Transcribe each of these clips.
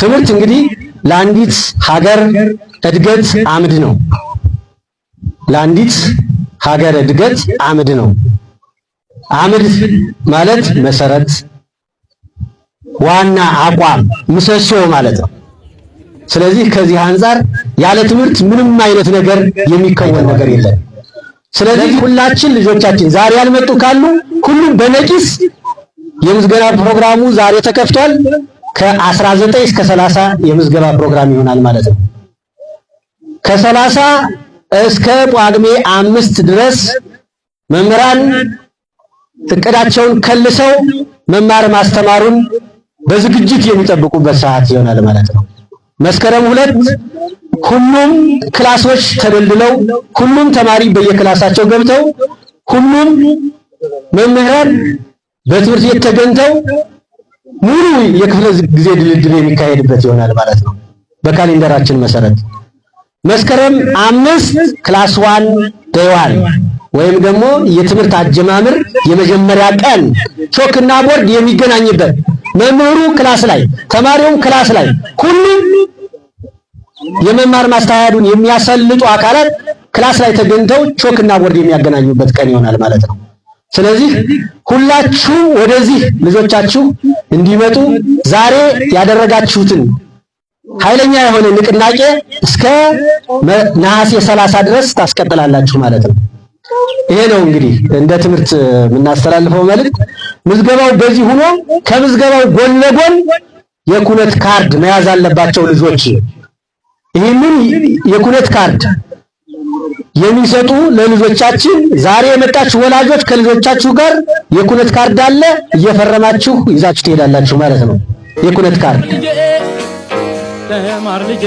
ትምህርት እንግዲህ ለአንዲት ሀገር እድገት አምድ ነው። ለአንዲት ሀገር እድገት አምድ ነው። አምድ ማለት መሰረት፣ ዋና አቋም፣ ምሰሶ ማለት ነው። ስለዚህ ከዚህ አንጻር ያለ ትምህርት ምንም አይነት ነገር የሚከወን ነገር የለም። ስለዚህ ሁላችን ልጆቻችን ዛሬ ያልመጡ ካሉ ሁሉም በነቂስ የምዝገና ፕሮግራሙ ዛሬ ተከፍቷል። ከ19 እስከ 30 የምዝገባ ፕሮግራም ይሆናል ማለት ነው። ከ30 እስከ ጳጉሜ አምስት ድረስ መምህራን እቅዳቸውን ከልሰው መማር ማስተማሩን በዝግጅት የሚጠብቁበት ሰዓት ይሆናል ማለት ነው። መስከረም ሁለት ሁሉም ክላሶች ተደልድለው ሁሉም ተማሪ በየክላሳቸው ገብተው ሁሉም መምህራን በትምህርት ቤት ተገኝተው ሙሉ የክፍለ ጊዜ ድልድል የሚካሄድበት ይሆናል ማለት ነው። በካሌንደራችን መሰረት መስከረም አምስት ክላስ ዋን ደዋል ወይም ደግሞ የትምህርት አጀማምር የመጀመሪያ ቀን ቾክና ቦርድ የሚገናኝበት መምህሩ ክላስ ላይ፣ ተማሪውም ክላስ ላይ፣ ሁሉም የመማር ማስተዋያዱን የሚያሰልጡ አካላት ክላስ ላይ ተገኝተው ቾክና ቦርድ የሚያገናኙበት ቀን ይሆናል ማለት ነው። ስለዚህ ሁላችሁ ወደዚህ ልጆቻችሁ እንዲመጡ ዛሬ ያደረጋችሁትን ኃይለኛ የሆነ ንቅናቄ እስከ ነሐሴ ሰላሳ ድረስ ታስቀጥላላችሁ ማለት ነው። ይሄ ነው እንግዲህ እንደ ትምህርት የምናስተላልፈው መልእክት። ምዝገባው በዚህ ሆኖ ከምዝገባው ጎን ለጎን የኩነት ካርድ መያዝ አለባቸው ልጆች። ይህንን የኩነት ካርድ የሚሰጡ ለልጆቻችን ዛሬ የመጣችሁ ወላጆች ከልጆቻችሁ ጋር የኩነት ካርድ አለ እየፈረማችሁ ይዛችሁ ትሄዳላችሁ ማለት ነው። የኩነት ካርድ ተማር ልጄ፣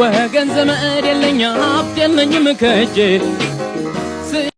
ወገን ዘመድ የለኝ ሀብት የለኝም ከእጄ